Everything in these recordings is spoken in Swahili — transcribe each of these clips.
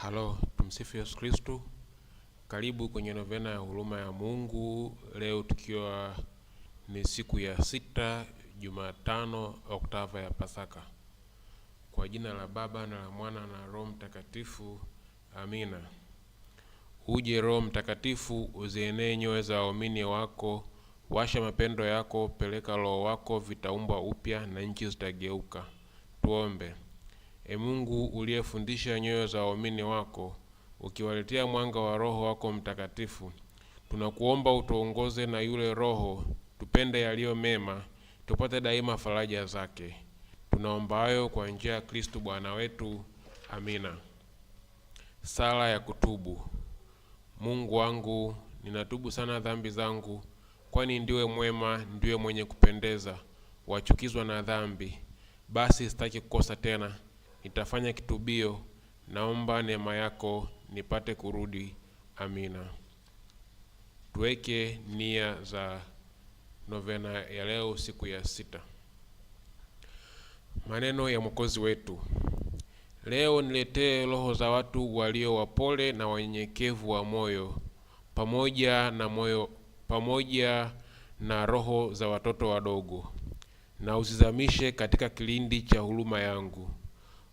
Halo, tumsifu Yesu Kristo. Karibu kwenye novena ya huruma ya Mungu, leo tukiwa ni siku ya sita, Jumatano, oktava ya Pasaka. Kwa jina la Baba na la Mwana na Roho Mtakatifu, amina. Uje Roho Mtakatifu, uzienee nyoyo za waumini wako, washa mapendo yako, peleka Roho wako, vitaumbwa upya na nchi zitageuka. Tuombe. E Mungu uliyefundisha nyoyo za waumini wako ukiwaletea mwanga wa Roho wako Mtakatifu, tunakuomba utuongoze na yule Roho tupende yaliyo mema, tupate daima faraja zake. Tunaomba hayo kwa njia ya Kristo Bwana wetu, amina. Sala ya kutubu. Mungu wangu, ninatubu sana dhambi zangu, kwani ndiwe mwema, ndiwe mwenye kupendeza, wachukizwa na dhambi, basi sitaki kukosa tena nitafanya kitubio, naomba neema yako nipate kurudi. Amina. Tuweke nia za novena ya leo, siku ya sita. Maneno ya Mwokozi wetu: leo niletee roho za watu walio wapole na wanyenyekevu wa moyo, pamoja na moyo pamoja na roho za watoto wadogo, na uzizamishe katika kilindi cha huruma yangu.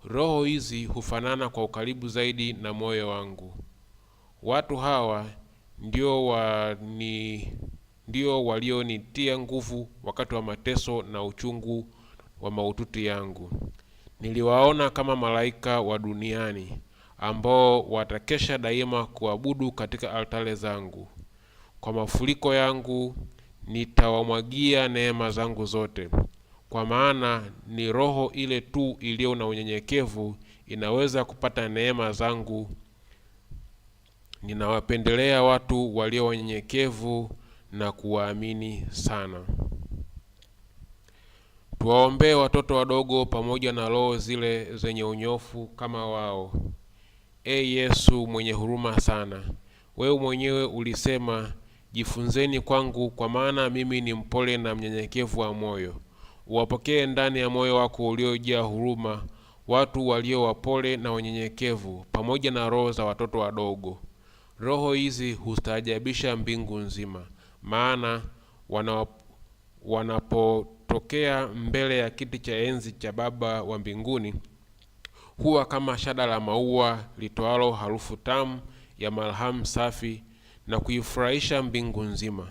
Roho hizi hufanana kwa ukaribu zaidi na moyo wangu. Watu hawa ndio wa ni ndio walionitia nguvu wakati wa mateso na uchungu wa maututi yangu. Niliwaona kama malaika wa duniani ambao watakesha daima kuabudu katika altare zangu. Kwa mafuriko yangu nitawamwagia neema zangu zote kwa maana ni roho ile tu iliyo na unyenyekevu inaweza kupata neema zangu. Ninawapendelea watu walio wanyenyekevu na kuwaamini sana. Tuwaombee watoto wadogo pamoja na roho zile zenye unyofu kama wao. E Yesu mwenye huruma sana, wewe mwenyewe ulisema, jifunzeni kwangu, kwa maana mimi ni mpole na mnyenyekevu wa moyo uwapokee ndani ya moyo wako uliojaa huruma watu walio wapole na wanyenyekevu, pamoja na roho za watoto wadogo. Roho hizi hustaajabisha mbingu nzima, maana wana, wanapotokea mbele ya kiti cha enzi cha Baba wa mbinguni huwa kama shada la maua litoalo harufu tamu ya marhamu safi na kuifurahisha mbingu nzima.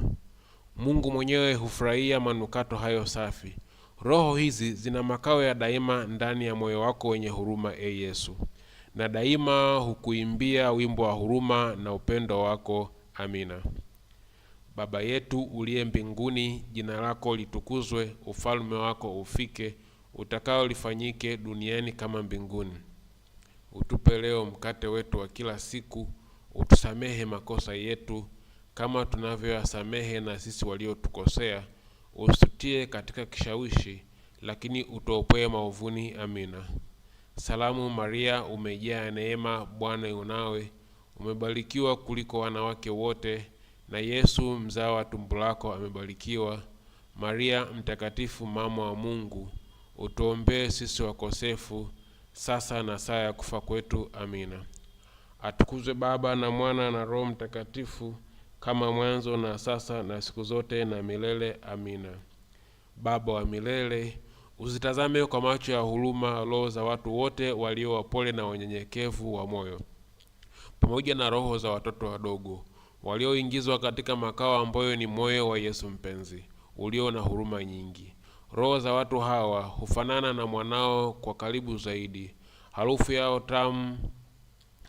Mungu mwenyewe hufurahia manukato hayo safi Roho hizi zina makao ya daima ndani ya moyo wako wenye huruma, e Yesu, na daima hukuimbia wimbo wa huruma na upendo wako. Amina. Baba yetu uliye mbinguni, jina lako litukuzwe, ufalme wako ufike, utakao lifanyike duniani kama mbinguni. Utupe leo mkate wetu wa kila siku, utusamehe makosa yetu kama tunavyoyasamehe na sisi waliotukosea usitie katika kishawishi, lakini utuopoe maovuni. Amina. Salamu Maria, umejaa neema, Bwana yu nawe, umebarikiwa kuliko wanawake wote, na Yesu mzao wa tumbo lako amebarikiwa. Maria mtakatifu, mama wa Mungu, utuombee sisi wakosefu, sasa na saa ya kufa kwetu. Amina. Atukuzwe Baba na Mwana na Roho Mtakatifu kama mwanzo na sasa na siku zote na milele. Amina. Baba wa milele, uzitazame kwa macho ya huruma roho za watu wote walio wapole na wanyenyekevu wa moyo, pamoja na roho za watoto wadogo walioingizwa katika makao ambayo ni moyo wa Yesu mpenzi ulio na huruma nyingi. Roho za watu hawa hufanana na mwanao kwa karibu zaidi. Harufu yao tamu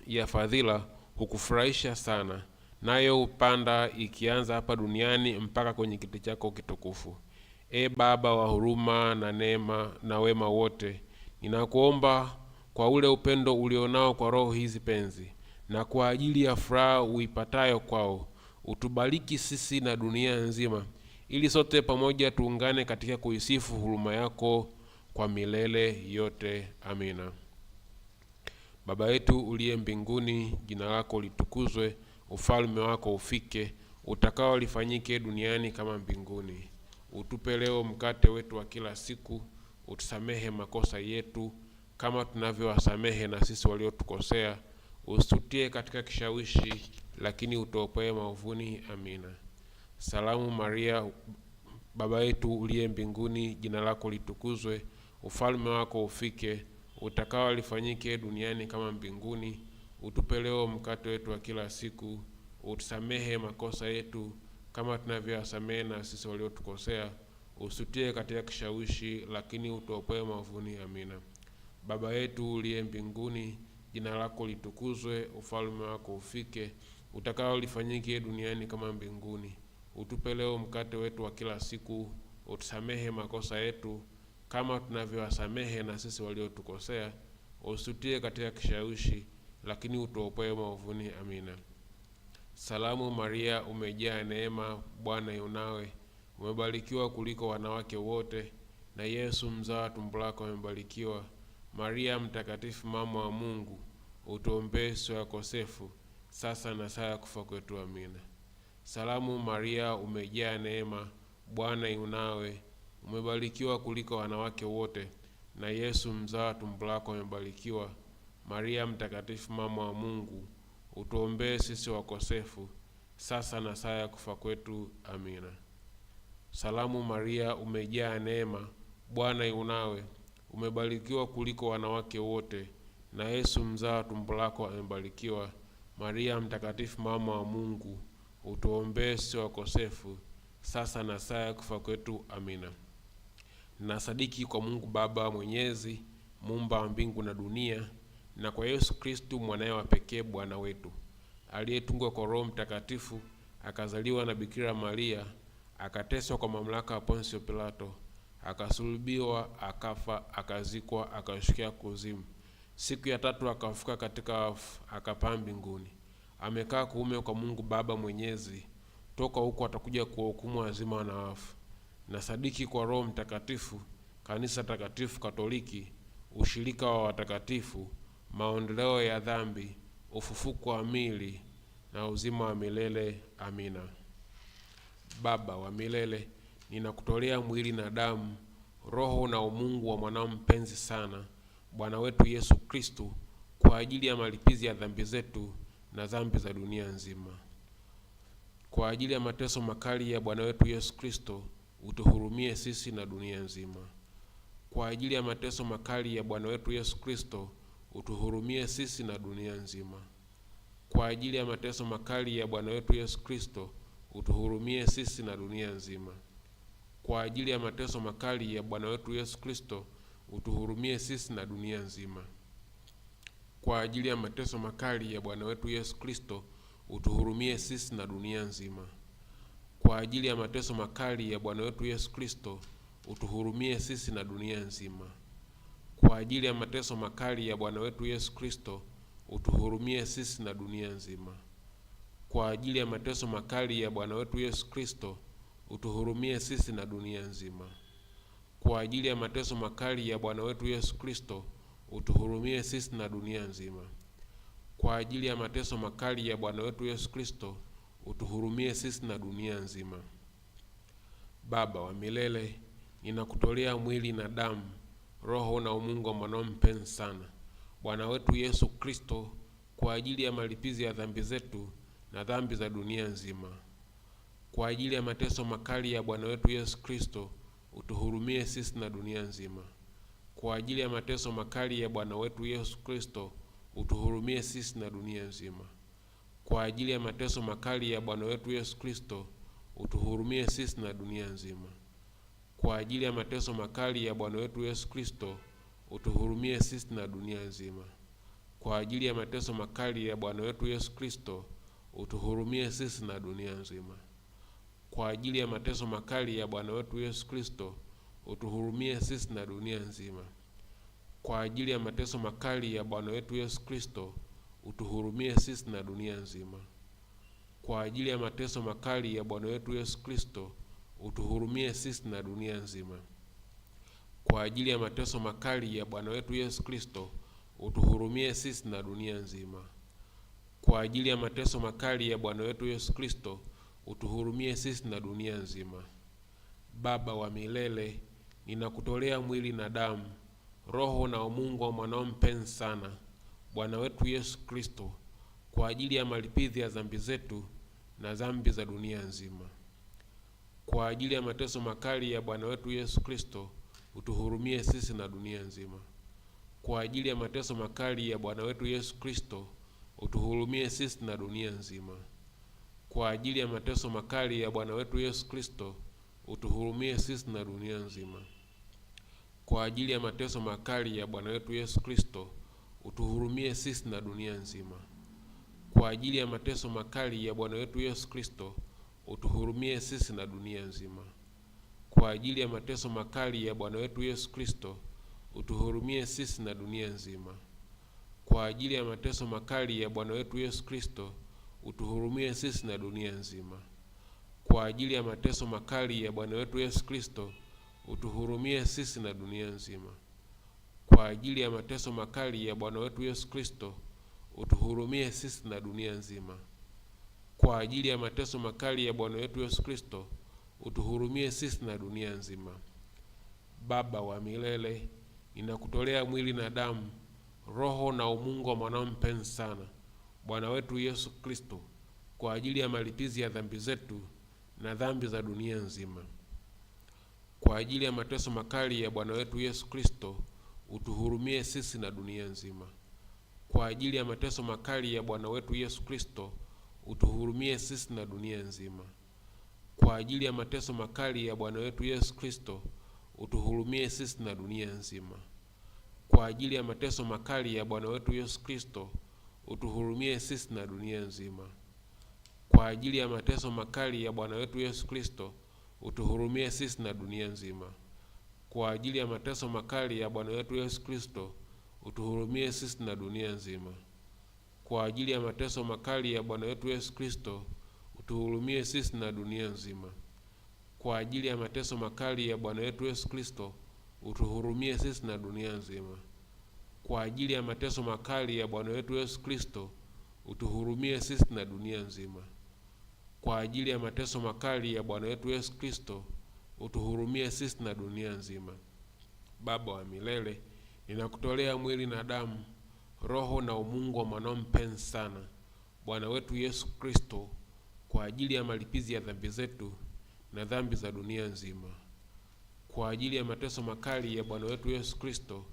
ya fadhila hukufurahisha sana nayo upanda ikianza hapa duniani mpaka kwenye kiti chako kitukufu. E Baba wa huruma na neema na wema wote, ninakuomba kwa ule upendo ulionao kwa roho hizi penzi na kwa ajili ya furaha uipatayo kwao, utubariki sisi na dunia nzima, ili sote pamoja tuungane katika kuisifu huruma yako kwa milele yote. Amina. Baba yetu uliye mbinguni, jina lako litukuzwe ufalme wako ufike, utakao lifanyike duniani kama mbinguni. Utupe leo mkate wetu wa kila siku, utusamehe makosa yetu kama tunavyowasamehe na sisi waliotukosea, usutie katika kishawishi, lakini utuopoe maovuni. Amina. Salamu Maria, Baba yetu uliye mbinguni, jina lako litukuzwe, ufalme wako ufike, utakao lifanyike duniani kama mbinguni Utupe leo mkate wetu wa kila siku, utusamehe makosa yetu kama tunavyowasamehe na sisi waliotukosea, usutie katika kishawishi, lakini utuopoe maovuni. Amina. Baba yetu uliye mbinguni, jina lako litukuzwe, ufalme wako ufike, utakalo lifanyike duniani kama mbinguni. Utupe leo mkate wetu wa kila siku, utusamehe makosa yetu kama tunavyowasamehe na sisi waliotukosea, usutie katika kishawishi lakini utuopoe maovuni. Amina. Salamu Maria, umejaa neema, Bwana yunawe umebarikiwa kuliko wanawake wote, na Yesu mzao wa tumbo lako amebarikiwa. Maria mtakatifu, mama wa Mungu, utuombee sisi wakosefu, sasa na saa ya kufa kwetu. Amina. Salamu Maria, umejaa neema, Bwana yunawe umebarikiwa kuliko wanawake wote, na Yesu mzao wa tumbo lako amebarikiwa. Maria Mtakatifu, mama wa Mungu, utuombee sisi wakosefu, sasa na saa ya kufa kwetu. Amina. Salamu Maria, umejaa neema, Bwana unawe umebarikiwa kuliko wanawake wote, na Yesu mzao tumbo lako amebarikiwa. Maria Mtakatifu, mama wa Mungu, utuombee sisi wakosefu, sasa na saa ya kufa kwetu. Amina. Na sadiki kwa Mungu Baba mwenyezi, muumba wa mbingu na dunia na kwa Yesu Kristu mwanaye wa pekee Bwana wetu, aliyetungwa kwa Roho Mtakatifu, akazaliwa na Bikira Maria, akateswa kwa mamlaka ya Ponsio Pilato, akasulubiwa, akafa, akazikwa, akashukia kuzimu, siku ya tatu akafuka katika wafu, akapaa mbinguni, amekaa kuume kwa Mungu Baba Mwenyezi. Toka huko atakuja kuwahukumu wazima na wafu. Na sadiki kwa Roho Mtakatifu, kanisa takatifu katoliki, ushirika wa watakatifu maondoleo ya dhambi, ufufuko wa mili na uzima wa milele. Amina. Baba wa milele, ninakutolea mwili na damu, roho na umungu wa mwanao mpenzi sana, Bwana wetu Yesu Kristu, kwa ajili ya malipizi ya dhambi zetu na dhambi za dunia nzima. Kwa ajili ya mateso makali ya Bwana wetu Yesu Kristo, utuhurumie sisi na dunia nzima. Kwa ajili ya mateso makali ya Bwana wetu Yesu Kristo utuhurumie sisi na dunia nzima. Kwa ajili ya mateso makali ya Bwana wetu Yesu Kristo, utuhurumie sisi na dunia nzima. Kwa ajili ya mateso makali ya Bwana wetu Yesu Kristo, utuhurumie sisi na dunia nzima. Kwa ajili ya mateso makali ya Bwana wetu Yesu Kristo, utuhurumie sisi na dunia nzima. Kwa ajili ya mateso makali ya Bwana wetu Yesu Kristo, utuhurumie sisi na dunia nzima kwa ajili ya mateso makali ya Bwana wetu Yesu Kristo, utuhurumie sisi na dunia nzima. Kwa ajili ya mateso makali ya Bwana wetu Yesu Kristo, utuhurumie sisi na dunia nzima. Kwa ajili ya mateso makali ya Bwana wetu Yesu Kristo, utuhurumie sisi na dunia nzima. Kwa ajili ya mateso makali ya Bwana wetu Yesu Kristo, utuhurumie sisi na dunia nzima. Baba wa milele, ninakutolea mwili na damu Roho na umungu ambao mpeni sana Bwana wetu Yesu Kristo kwa ajili ya malipizi ya dhambi zetu na dhambi za dunia nzima. Kwa ajili ya mateso makali ya Bwana wetu Yesu Kristo utuhurumie sisi na dunia nzima. Kwa ajili ya mateso makali ya Bwana wetu Yesu Kristo utuhurumie sisi na dunia nzima. Kwa ajili ya mateso makali ya Bwana wetu Yesu Kristo utuhurumie sisi na dunia nzima kwa ajili ya mateso makali ya Bwana wetu Yesu Kristo, utuhurumie sisi na dunia nzima. Kwa ajili ya mateso makali ya Bwana wetu Yesu Kristo, utuhurumie sisi na dunia nzima. Kwa ajili ya mateso makali ya Bwana wetu Yesu Kristo, utuhurumie sisi na dunia nzima. Kwa ajili ya mateso makali ya Bwana wetu Yesu Kristo, utuhurumie sisi na dunia nzima. Kwa ajili ya mateso makali ya Bwana wetu Yesu Kristo utuhurumie sisi na dunia nzima. Kwa ajili ya mateso makali ya Bwana wetu Yesu Kristo, utuhurumie sisi na dunia nzima. Kwa ajili ya mateso makali ya Bwana wetu Yesu Kristo, utuhurumie sisi na dunia nzima. Baba wa milele, ninakutolea mwili na damu, roho na umungu wa mwanao mpenzi sana, Bwana wetu Yesu Kristo, kwa ajili ya malipizi ya dhambi zetu na dhambi za dunia nzima kwa ajili ya mateso makali ya Bwana wetu Yesu Kristo, utuhurumie sisi na dunia nzima. Kwa ajili ya mateso makali ya Bwana wetu Yesu Kristo, utuhurumie sisi na dunia nzima. Kwa ajili ya mateso makali ya Bwana wetu Yesu Kristo, utuhurumie sisi na dunia nzima. Kwa ajili ya mateso makali ya Bwana wetu Yesu Kristo, utuhurumie sisi na dunia nzima. Kwa ajili ya mateso makali ya Bwana wetu Yesu Kristo utuhurumie sisi na dunia nzima. Kwa ajili ya mateso makali ya Bwana wetu Yesu Kristo, utuhurumie sisi na dunia nzima. Kwa ajili ya mateso makali ya Bwana wetu Yesu Kristo, utuhurumie sisi na dunia nzima. Kwa ajili ya mateso makali ya Bwana wetu Yesu Kristo, utuhurumie sisi na dunia nzima. Kwa ajili ya mateso makali ya Bwana wetu Yesu Kristo, utuhurumie sisi na dunia nzima kwa ajili ya mateso makali ya Bwana wetu Yesu Kristo, utuhurumie sisi na dunia nzima. Baba wa milele, ninakutolea mwili na damu, roho na umungu wa mwanao mpenzi sana, Bwana wetu Yesu Kristo, kwa ajili ya malipizi ya dhambi zetu na dhambi za dunia nzima. Kwa ajili ya mateso makali ya Bwana wetu Yesu Kristo, utuhurumie sisi na dunia nzima. Kwa ajili ya mateso makali ya Bwana wetu Yesu Kristo utuhurumie sisi na dunia nzima. Kwa ajili ya mateso makali ya Bwana wetu Yesu Kristo, utuhurumie sisi na dunia nzima. Kwa ajili ya mateso makali ya Bwana wetu Yesu Kristo, utuhurumie sisi na dunia nzima. Kwa ajili ya mateso makali ya Bwana wetu Yesu Kristo, utuhurumie sisi na dunia nzima. Kwa ajili ya mateso makali ya Bwana wetu Yesu Kristo, utuhurumie sisi na dunia nzima kwa ajili ya mateso makali ya Bwana wetu Yesu Kristo, utuhurumie sisi na dunia nzima. Kwa ajili ya mateso makali ya Bwana wetu Yesu Kristo, utuhurumie sisi na dunia nzima. Kwa ajili ya mateso makali ya Bwana wetu Yesu Kristo, utuhurumie sisi na dunia nzima. Kwa ajili ya mateso makali ya Bwana wetu Yesu Kristo, utuhurumie sisi na dunia nzima. Baba wa milele, ninakutolea mwili na damu Roho na umungu wa mwanao mpenzi sana Bwana wetu Yesu Kristo, kwa ajili ya malipizi ya dhambi zetu na dhambi za dunia nzima. Kwa ajili ya mateso makali ya Bwana wetu Yesu Kristo,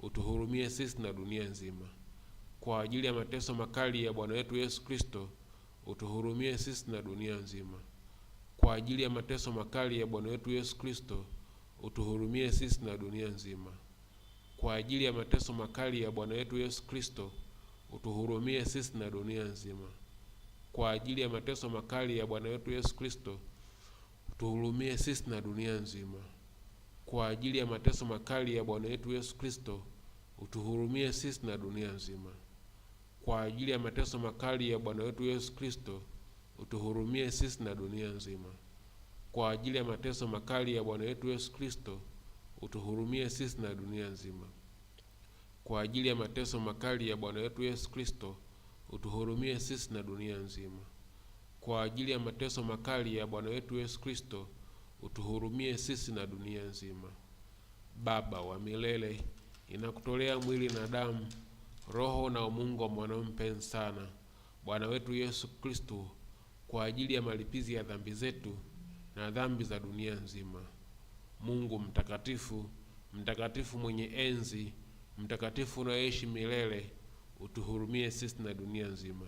utuhurumie sisi na dunia nzima. Kwa ajili ya mateso makali ya Bwana wetu Yesu Kristo, utuhurumie sisi na dunia nzima. Kwa ajili ya mateso makali ya Bwana wetu Yesu Kristo, utuhurumie sisi na dunia nzima kwa ajili ya mateso makali ya Bwana wetu Yesu Kristo, utuhurumie sisi na dunia nzima. Kwa ajili ya mateso makali ya Bwana wetu Yesu Kristo, utuhurumie sisi na dunia nzima. Kwa ajili ya mateso makali ya Bwana wetu Yesu Kristo, utuhurumie sisi na dunia nzima. Kwa ajili ya mateso makali ya Bwana wetu Yesu Kristo, utuhurumie sisi na dunia nzima. Kwa ajili ya mateso makali ya Bwana wetu Yesu Kristo utuhurumie sisi na dunia nzima. Kwa ajili ya mateso makali ya Bwana wetu Yesu Kristo, utuhurumie sisi na dunia nzima. Kwa ajili ya mateso makali ya Bwana wetu Yesu Kristo, utuhurumie sisi na dunia nzima. Baba wa milele, inakutolea mwili na damu, roho na umungu wa mwanao mpenzi sana Bwana wetu Yesu Kristo, kwa ajili ya malipizi ya dhambi zetu na dhambi za dunia nzima. Mungu mtakatifu, mtakatifu mwenye enzi, mtakatifu unayeishi milele, utuhurumie sisi na dunia nzima.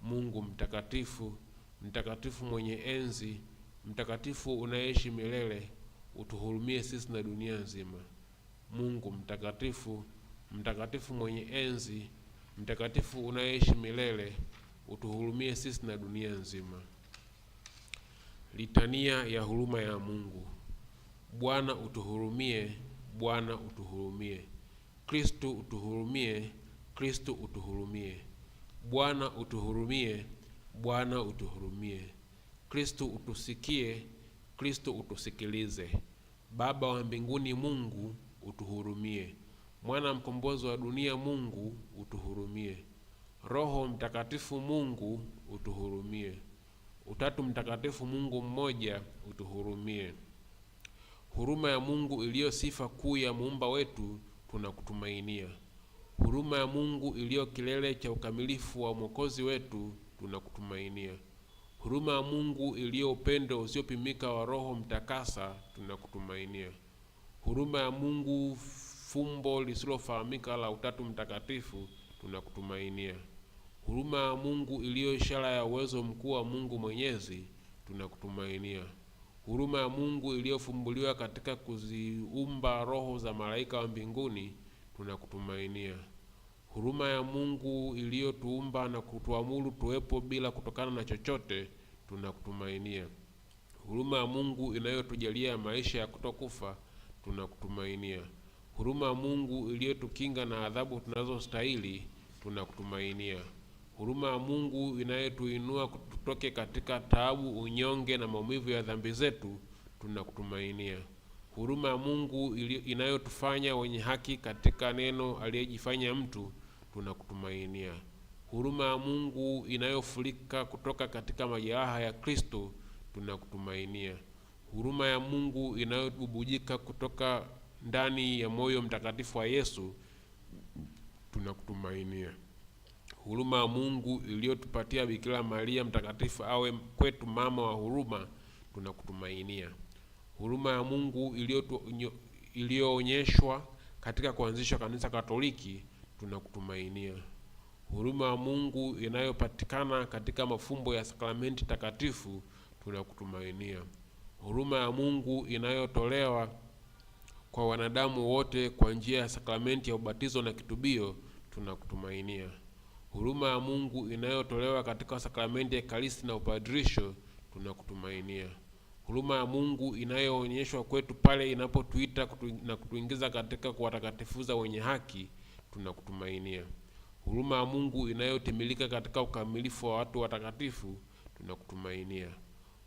Mungu mtakatifu, mtakatifu mwenye enzi, mtakatifu unayeishi milele, utuhurumie sisi na dunia nzima. Mungu mtakatifu, mtakatifu mwenye enzi, mtakatifu unayeishi milele, utuhurumie sisi na dunia nzima. Litania ya huruma ya Mungu. Bwana utuhurumie, Bwana utuhurumie. Kristu utuhurumie, Kristu utuhurumie. Bwana utuhurumie, Bwana utuhurumie. Kristu utusikie, Kristu utusikilize. Baba wa mbinguni, Mungu utuhurumie. Mwana mkombozi wa dunia, Mungu utuhurumie. Roho Mtakatifu, Mungu utuhurumie. Utatu Mtakatifu, Mungu mmoja, utuhurumie. Huruma ya Mungu iliyo sifa kuu ya muumba wetu, tunakutumainia. Huruma ya Mungu iliyo kilele cha ukamilifu wa mwokozi wetu, tunakutumainia. Huruma ya Mungu iliyo upendo usiopimika wa Roho Mtakasa, tunakutumainia. Huruma ya Mungu fumbo lisilofahamika la Utatu Mtakatifu, tunakutumainia. Huruma ya Mungu iliyo ishara ya uwezo mkuu wa Mungu Mwenyezi, tunakutumainia huruma ya Mungu iliyofumbuliwa katika kuziumba roho za malaika wa mbinguni, tunakutumainia. Huruma ya Mungu iliyotuumba na kutuamuru tuwepo bila kutokana na chochote, tunakutumainia. Huruma ya Mungu inayotujalia maisha ya kutokufa, tunakutumainia. Huruma ya Mungu iliyotukinga na adhabu tunazostahili, tunakutumainia. Huruma ya Mungu inayotuinua tutoke katika taabu, unyonge na maumivu ya dhambi zetu, tunakutumainia. Huruma ya Mungu inayotufanya wenye haki katika neno aliyejifanya mtu, tunakutumainia. Huruma ya Mungu inayofurika kutoka katika majeraha ya Kristo, tunakutumainia. Huruma ya Mungu inayobubujika kutoka ndani ya moyo mtakatifu wa Yesu, tunakutumainia huruma ya Mungu iliyotupatia Bikira Maria mtakatifu awe kwetu mama wa huruma, tunakutumainia. Huruma ya Mungu iliyoonyeshwa katika kuanzishwa kanisa Katoliki, tunakutumainia. Huruma ya Mungu inayopatikana katika mafumbo ya sakramenti takatifu, tunakutumainia. Huruma ya Mungu inayotolewa kwa wanadamu wote kwa njia ya sakramenti ya ubatizo na kitubio, tunakutumainia huruma ya Mungu inayotolewa katika sakramenti ya Ekaristi na upadirisho, tunakutumainia. Huruma ya Mungu inayoonyeshwa kwetu pale inapotuita kutu, na kutuingiza katika kuwatakatifuza wenye haki, tunakutumainia. Huruma ya Mungu inayotimilika katika ukamilifu wa watu watakatifu, tunakutumainia.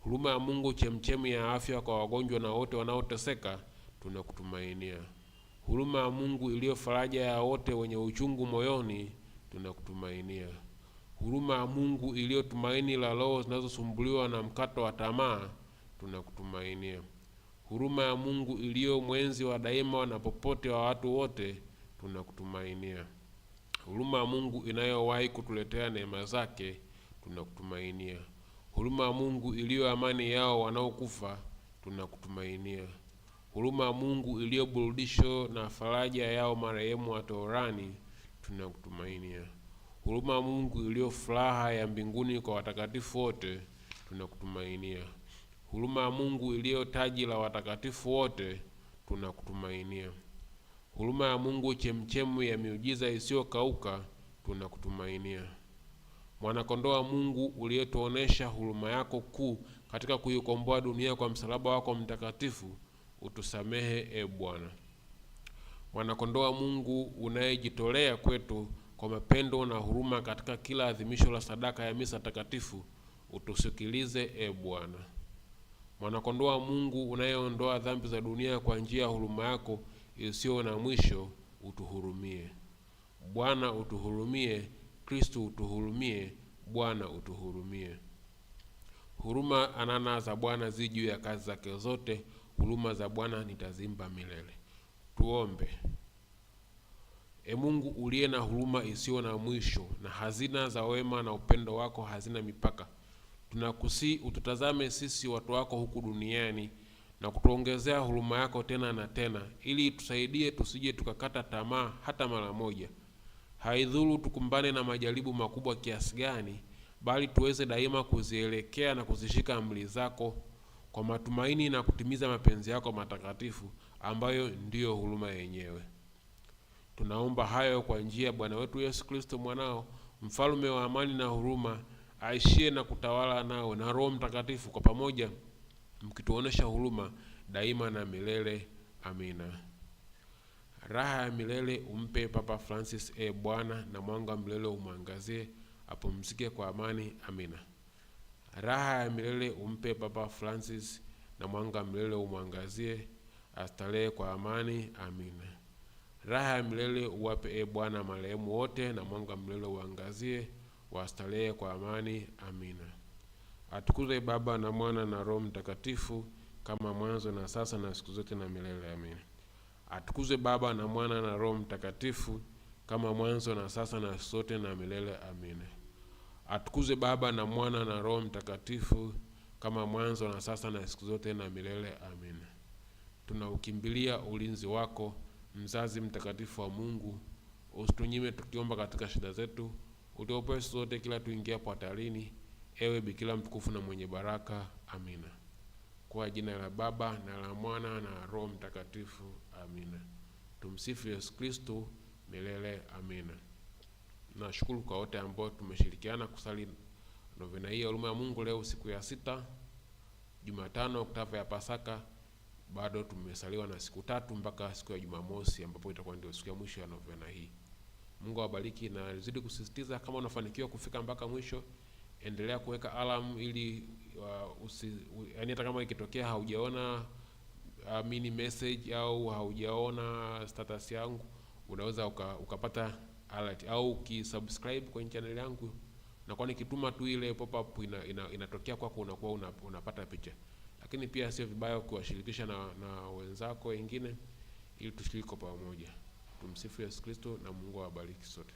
Huruma ya Mungu, chemchemi ya afya kwa wagonjwa na wote wanaoteseka, tunakutumainia. Huruma ya Mungu iliyo faraja ya wote wenye uchungu moyoni tunakutumainia. Huruma ya Mungu iliyo tumaini la roho zinazosumbuliwa na mkato wa tamaa, tunakutumainia. Huruma ya Mungu iliyo mwenzi wa daima na popote wa watu wote, tunakutumainia. Huruma ya Mungu inayowahi kutuletea neema zake, tunakutumainia. Huruma ya Mungu iliyo amani yao wanaokufa, tunakutumainia. Huruma ya Mungu iliyo burudisho na faraja yao marehemu wa toharani tunakutumainia. Huruma Mungu iliyo furaha ya mbinguni kwa watakatifu wote, tunakutumainia. Huruma ya Mungu iliyo taji la watakatifu wote, tunakutumainia. Huruma ya Mungu chemchemu ya miujiza isiyokauka, tunakutumainia. Mwanakondoo wa Mungu uliyetuonesha huruma yako kuu katika kuikomboa dunia kwa msalaba wako mtakatifu, utusamehe e Bwana mwanakondoa Mungu unayejitolea kwetu kwa mapendo na huruma katika kila adhimisho la sadaka ya misa takatifu, utusikilize e Bwana. Mwanakondoa Mungu unayeondoa dhambi za dunia kwa njia ya huruma yako isiyo na mwisho, utuhurumie Bwana, utuhurumie Kristu, utuhurumie Bwana, utuhurumie. Huruma anana za Bwana zi juu ya kazi zake zote, huruma za Bwana nitazimba milele. Tuombe. E Mungu uliye na huruma isiyo na mwisho na hazina za wema na upendo wako hazina mipaka, tunakusi ututazame sisi watu wako huku duniani na kutuongezea huruma yako tena na tena, ili tusaidie tusije tukakata tamaa hata mara moja. Haidhuru tukumbane na majaribu makubwa kiasi gani, bali tuweze daima kuzielekea na kuzishika amri zako kwa matumaini na kutimiza mapenzi yako matakatifu ambayo ndiyo huruma yenyewe. Tunaomba hayo kwa njia ya Bwana wetu Yesu Kristo mwanao, mfalme wa amani na huruma, aishie na kutawala nawe na Roho Mtakatifu kwa pamoja, mkituonesha huruma daima na milele. Amina. Raha ya milele umpe Papa Francis, e Bwana, na mwanga milele umwangazie, apumzike kwa amani. Amina. Raha ya milele umpe Papa Francis, na mwanga milele umwangazie astarehe kwa amani. Amina. Raha ya milele uwape e Bwana marehemu wote, na mwanga wa milele uangazie wastarehe kwa amani. Amina. Atukuzwe Baba na Mwana na Roho Mtakatifu, kama mwanzo na sasa na siku zote na milele. Amina. Atukuzwe Baba na Mwana na Roho Mtakatifu, kama mwanzo na sasa na siku zote na milele. Amina. Atukuzwe Baba na Mwana na Roho Mtakatifu, kama mwanzo na sasa na siku zote na milele. Amina tunaukimbilia ulinzi wako, mzazi mtakatifu wa Mungu, usitunyime tukiomba katika shida zetu, utuopoe siku zote kila tuingiapo hatarini, ewe Bikira mtukufu na mwenye baraka. Amina. Kwa jina la Baba na la Mwana na Roho Mtakatifu. Amina. Tumsifu Yesu Kristu milele. Amina. Nashukuru kwa wote ambao tumeshirikiana kusali novena hii ya huruma ya Mungu leo siku ya sita, Jumatano, oktava ya Pasaka bado tumesaliwa na siku tatu mpaka siku ya Jumamosi ambapo itakuwa ndio siku ya mwisho ya novena hii. Mungu awabariki, na nazidi kusisitiza kama unafanikiwa kufika mpaka mwisho, endelea kuweka alamu ili uh, usi, uh, yani hata kama ikitokea haujaona uh, mini message au haujaona status yangu, unaweza uka, ukapata alert au ukisubscribe kwenye channel yangu, na kwa nikituma tu ile pop up inatokea ina, ina kwako, unakuwa unapata picha lakini pia sio vibaya kuwashirikisha na, na wenzako wengine ili tushiriki kwa pamoja. Tumsifu Yesu Kristo na Mungu awabariki sote.